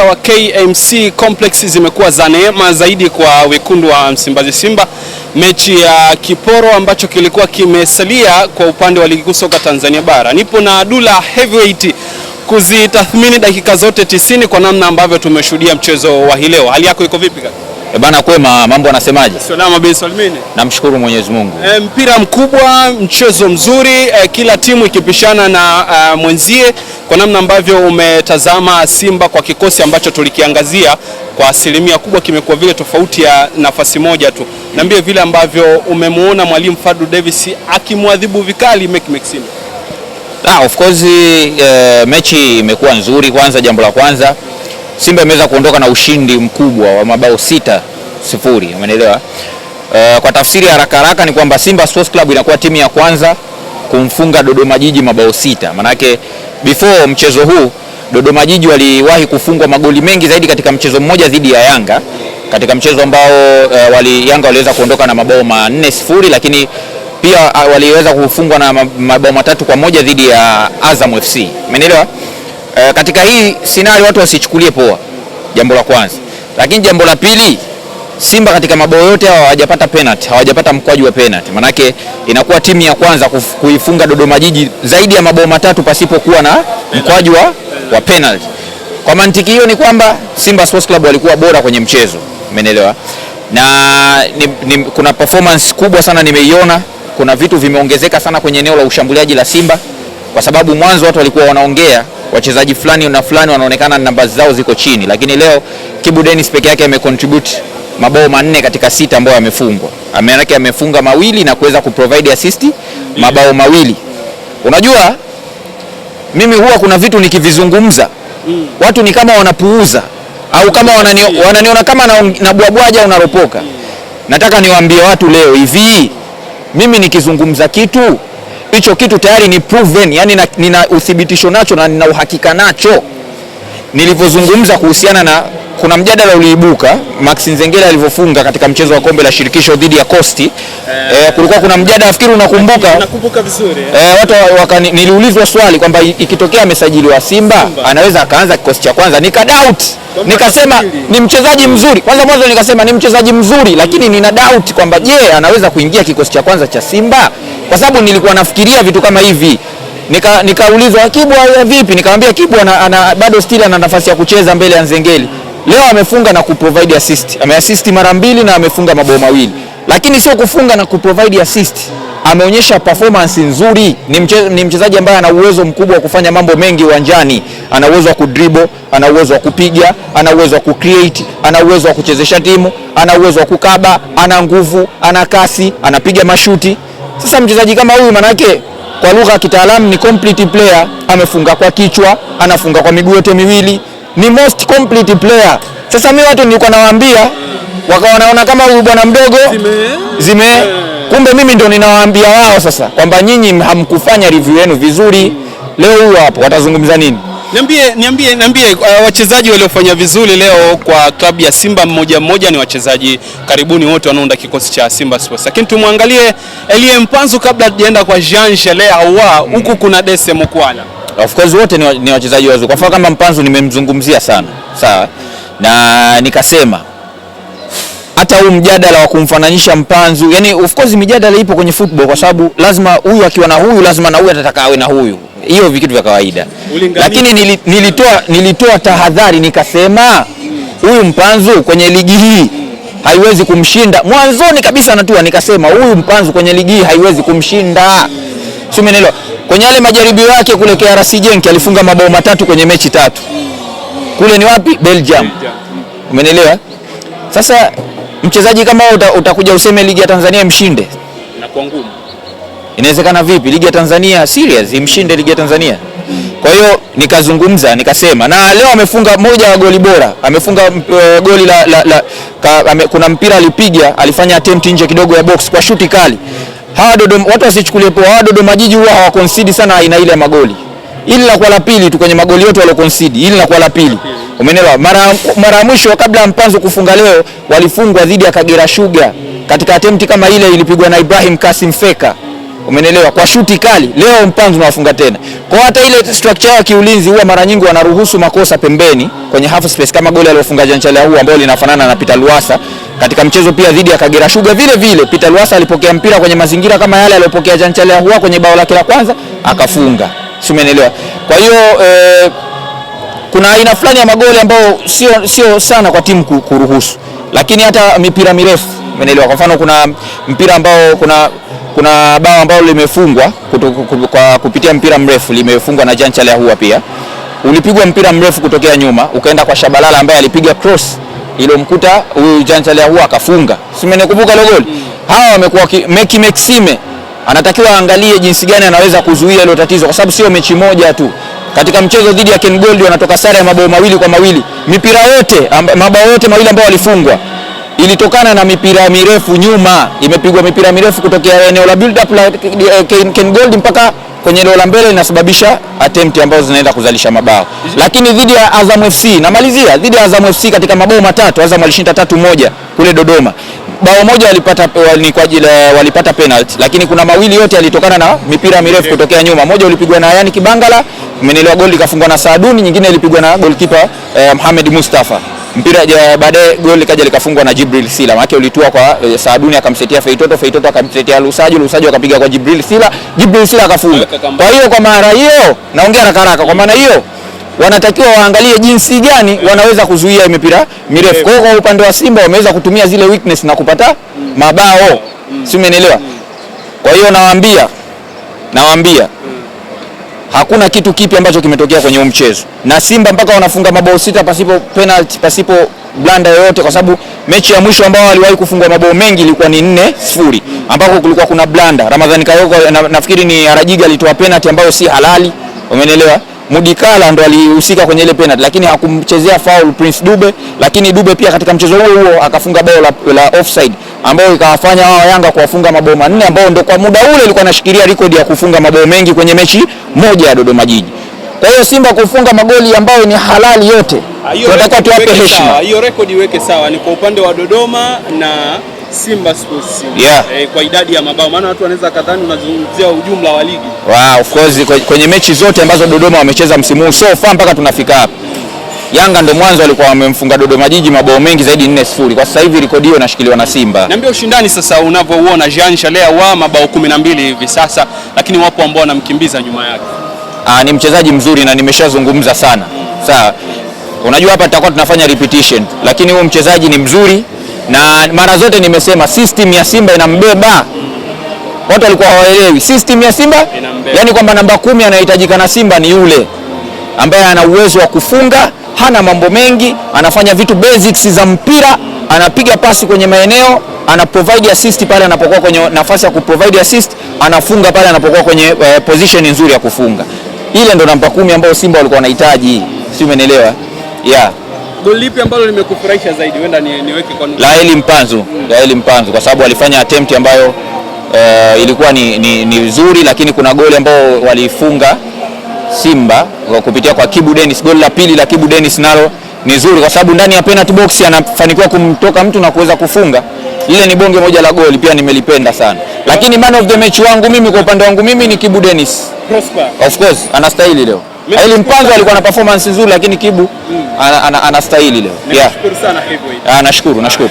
uwanja wa KMC Complex zimekuwa za neema zaidi kwa wekundu wa Msimbazi Simba. Mechi ya kiporo ambacho kilikuwa kimesalia kwa upande wa ligi kuu soka Tanzania bara, nipo na Dula Heavyweight kuzitathmini dakika zote tisini kwa namna ambavyo tumeshuhudia mchezo wa hii leo. Hali yako iko vipi kaka? E bana, kwema. Mambo anasemaje? Salama bin Salmini, Namshukuru Mwenyezi Mungu. E, mpira mkubwa, mchezo mzuri, e, kila timu ikipishana na e, mwenzie kwa namna ambavyo umetazama Simba kwa kikosi ambacho tulikiangazia kwa asilimia kubwa kimekuwa vile tofauti ya nafasi moja tu. Niambie vile ambavyo umemwona mwalimu Fadlu Davis akimwadhibu vikali Mike Maxim. Na ah, of course uh, mechi imekuwa nzuri. Kwanza jambo la kwanza Simba imeweza kuondoka na ushindi mkubwa wa mabao sita sifuri, umeelewa? Uh, kwa tafsiri haraka haraka ni kwamba Simba Sports Club inakuwa timu ya kwanza kumfunga Dodoma Jiji mabao sita. Manake before mchezo huu Dodoma Jiji waliwahi kufungwa magoli mengi zaidi katika mchezo mmoja dhidi ya Yanga katika mchezo ambao uh, wali, Yanga waliweza kuondoka na mabao manne sifuri, lakini pia uh, waliweza kufungwa na mabao matatu kwa moja dhidi ya Azam FC. Umeelewa? Uh, katika hii sinari watu wasichukulie poa, jambo la kwanza, lakini jambo la pili Simba katika mabao yote hao hawajapata penalty, hawajapata mkwaju wa penalty. Manake inakuwa timu ya kwanza kuifunga Dodoma Jiji zaidi ya mabao matatu pasipokuwa na mkwaju wa penalty. Kwa mantiki hiyo ni kwamba Simba Sports Club walikuwa bora kwenye mchezo, umeelewa? Na ni, ni, kuna performance kubwa sana nimeiona, kuna vitu vimeongezeka sana kwenye eneo la ushambuliaji la Simba, kwa sababu mwanzo watu walikuwa wanaongea wachezaji fulani na fulani wanaonekana namba zao ziko chini, lakini leo Kibu Dennis peke yake amecontribute mabao manne katika sita ambayo yamefungwa. Maanake amefunga mawili na kuweza kuprovide assist mabao mawili. Unajua mimi huwa kuna vitu nikivizungumza watu ni kama wanapuuza au kama wanani, wananiona kama nabwabwaja na au naropoka. Nataka niwaambie watu leo hivi, mimi nikizungumza kitu hicho kitu tayari ni proven, yani na, nina uthibitisho nacho na nina uhakika nacho nilivyozungumza kuhusiana na kuna mjadala uliibuka Max Nzengeli alivyofunga katika mchezo wa kombe la shirikisho dhidi ya Kosti E, eh. e, eh, kulikuwa kuna mjadala nafikiri unakumbuka? Nakumbuka vizuri. E, watu waka, niliulizwa swali kwamba ikitokea amesajiliwa Simba, Simba anaweza akaanza kikosi cha kwanza, nika doubt nikasema ni mchezaji mzuri kwanza, mwanzo nikasema ni mchezaji mzuri lakini nina doubt kwamba je, anaweza kuingia kikosi cha kwanza cha Simba kwa sababu nilikuwa nafikiria vitu kama hivi nikaulizwa nika Kibwa vipi? Nikamwambia Kibwa ana, bado still ana nafasi ya kucheza mbele ya Nzengeli. Leo amefunga na kuprovide assist, ameassist mara mbili na amefunga mabao mawili, lakini sio kufunga na kuprovide assist. Ameonyesha performance nzuri, ni mchezaji mche ambaye ana uwezo mkubwa wa kufanya mambo mengi uwanjani. Ana uwezo wa kudribble, ana uwezo wa kupiga, ana uwezo wa kucreate, ana uwezo wa kuchezesha timu, ana uwezo wa kukaba, ana nguvu, ana kasi, anapiga mashuti. Sasa mchezaji kama huyu manake kwa lugha ya kitaalamu ni complete player. Amefunga kwa kichwa, anafunga kwa miguu yote miwili ni most complete player. Sasa mi watu nilikuwa nawaambia wakawa wanaona kama huyu bwana mdogo zime, eh. kumbe mimi ndo ninawaambia wao sasa kwamba nyinyi hamkufanya review yenu vizuri. Leo huyu hapo watazungumza nini? Niambie, niambie, niambie uh, wachezaji waliofanya vizuri leo kwa klabu ya Simba mmoja mmoja ni wachezaji karibuni wote wanaunda kikosi cha Simba Sports, lakini tumwangalie Elie Mpanzu kabla tujaenda kwa Jean Shalea Ahoua, huku kuna Dese Mukwala Of course wote ni, ni wachezaji wazuri. Kwa mfano kama Mpanzu nimemzungumzia sana, sawa, na nikasema hata huu mjadala wa kumfananisha Mpanzu, yani of course mijadala ipo kwenye football, kwa sababu lazima huyu akiwa na huyu lazima na huyu atataka awe na huyu, hiyo vitu vya kawaida. Lakini nilitoa, nilitoa tahadhari nikasema huyu Mpanzu kwenye ligi hii haiwezi kumshinda. Mwanzoni kabisa natua nikasema huyu Mpanzu kwenye ligi hii haiwezi kumshinda, si umeelewa? kwenye yale majaribio yake kule KRC Genk alifunga mabao matatu kwenye mechi tatu. Kule ni wapi? Belgium. Umenielewa? Sasa mchezaji kama wewe utakuja useme ligi ya Tanzania imshinde na kwa ngumu. Inawezekana vipi ligi ya Tanzania serious imshinde ligi ya Tanzania? Kwa hiyo nikazungumza nikasema, na leo amefunga moja wa goli bora, amefunga uh, goli la, la, la ka, ame, kuna mpira alipiga, alifanya attempt nje kidogo ya box kwa shuti kali hawa Dodoma, watu wasichukulie poa, hawa Dodoma Jiji huwa hawakonsidi sana aina ile ya magoli. Ili la kwa la pili tu kwenye magoli yote walokonsidi, ili la kwa la pili. Umeelewa? Mara mara mwisho kabla ya Mpanzo kufunga leo walifungwa dhidi ya Kagera Sugar. Katika attempt kama ile ilipigwa na Ibrahim Kasim Feka. umeelewa, kwa shuti kali. Leo Mpanzo nawafunga tena. Kwa hata ile structure ya kiulinzi huwa mara nyingi wanaruhusu makosa pembeni kwenye half space kama goli aliyofunga Janchalia huu ambao linafanana na Peter Luasa katika mchezo pia dhidi ya Kagera Sugar vile vile Peter Luasa alipokea mpira kwenye mazingira kama yale aliyopokea Janchale Ahua kwenye bao lake la kwanza akafunga. Si umeelewa? Kwa hiyo eh, kuna aina fulani ya magoli ambayo sio sio sana kwa timu kuruhusu. Lakini hata mipira mirefu, umeelewa? Kwa mfano kuna mpira ambao kuna kuna bao ambalo limefungwa kwa kupitia mpira mrefu limefungwa na Janchale Ahua pia. Ulipigwa mpira mrefu kutokea nyuma ukaenda kwa Shabalala ambaye alipiga cross ilomkuta huyu Chanchalya huwa akafunga, si mnakumbuka ile mm. Hawa wamekuwa Meki meksime anatakiwa aangalie jinsi gani anaweza kuzuia ile tatizo, kwa sababu sio mechi moja tu. Katika mchezo dhidi ya Ken Gold wanatoka sare ya mabao mawili kwa mawili. Mipira yote mabao yote mawili ambayo walifungwa ilitokana na mipira mirefu nyuma, imepigwa mipira mirefu kutokea eneo la build up la Ken Gold mpaka kwenye la mbele inasababisha attempt ambazo zinaenda kuzalisha mabao, lakini dhidi ya Azam FC namalizia, dhidi ya Azam FC katika mabao matatu Azam alishinda tatu moja kule Dodoma. Bao moja walipata eh, ni kwa ajili eh, walipata penalty, lakini kuna mawili yote yalitokana na mipira mirefu kutokea nyuma. Moja ulipigwa na Ayani Kibangala, mmenielewa, goli likafungwa na Saaduni, nyingine ilipigwa na goalkeeper eh, Mohamed Mustafa mpira baadaye goli likaja likafungwa na Jibril Sila, maana ulitua kwa e, Saaduni akamsetia Feitoto, Feitoto akamtetea Lusajo, Lusajo akapiga kwa Jibril Sila, Jibril Sila akafunga. Kwa hiyo kwa mara hiyo naongea haraka haraka, kwa maana hiyo wanatakiwa waangalie jinsi gani wanaweza kuzuia mipira mirefu. Kwa hiyo kwa upande wa Simba wameweza kutumia zile weakness na kupata mabao, si umeelewa? Kwa hiyo nawaambia, nawaambia Hakuna kitu kipi ambacho kimetokea kwenye huu mchezo, na Simba mpaka wanafunga mabao sita pasipo penalty, pasipo blanda yoyote, kwa sababu mechi ya mwisho ambao waliwahi kufungwa mabao mengi ilikuwa ni nne sifuri, ambako kulikuwa kuna blanda. Ramadhani Kayoko na, nafikiri ni Arajiga alitoa penalty ambayo si halali, umeelewa? Mudikala ndo alihusika kwenye ile penalty, lakini hakumchezea foul Prince Dube, lakini Dube pia katika mchezo huo huo akafunga bao la, la offside ambayo ikawafanya wao Yanga kuwafunga mabao manne ambao ndo kwa muda ule ilikuwa anashikilia rekodi ya kufunga mabao mengi kwenye mechi moja ya Dodoma Jiji. Kwa hiyo Simba kufunga magoli ambayo ni halali yote, ah, tunatakiwa tuwape heshima. Hiyo rekodi iweke sawa, ni kwa upande wa Dodoma na Simba Sports Simba. Yeah. E, kwa idadi ya mabao maana watu wanaweza kadhani unazungumzia ujumla wa ligi. Wow, of course kwenye mechi zote ambazo Dodoma wamecheza msimu huu so far mpaka tunafika hapa. Yanga ndo mwanzo walikuwa wamemfunga Dodoma Jiji mabao mengi zaidi 4-0. Kwa sasa hivi rekodi hiyo inashikiliwa na Simba. Niambie ushindani sasa unavyouona Jean Chalea wa mabao 12 hivi sasa, lakini wapo ambao wanamkimbiza nyuma yake. Ah, ni mchezaji mzuri na nimeshazungumza sana. Mm. Sawa. Unajua hapa tutakuwa tunafanya repetition, lakini huyo mchezaji ni mzuri na mara zote nimesema system ya Simba inambeba. Watu walikuwa hawaelewi system ya Simba, yani kwamba namba kumi anahitajika na Simba ni yule ambaye ana uwezo wa kufunga, hana mambo mengi, anafanya vitu basics za mpira, anapiga pasi kwenye maeneo, ana provide assist pale anapokuwa kwenye nafasi ya kuprovide assist, anafunga pale anapokuwa kwenye eh, position nzuri ya kufunga. Ile ndo namba kumi ambayo Simba walikuwa wanahitaji, si umenielewa? Yeah. Goli lipi ambalo limekufurahisha zaidi? Wenda niweke kwa la Laeli Mpanzu, mm. Mpanzu kwa sababu alifanya attempt ambayo uh, ilikuwa ni, ni, ni nzuri, lakini kuna goli ambao walifunga Simba kwa kupitia kwa Kibu Dennis. Goli la pili la Kibu Dennis nalo ni zuri kwa sababu ndani ya penalty box anafanikiwa kumtoka mtu na kuweza kufunga. Ile ni bonge moja la goli, pia nimelipenda sana, lakini man of the match wangu mimi, kwa upande wangu mimi ni Kibu Dennis. Prosper. Of course, anastahili leo. Eli Mpanzo alikuwa na performance nzuri, lakini Kibu hmm. anastahili leo. Nashukuru sana hivyo. Ah, nashukuru, nashukuru.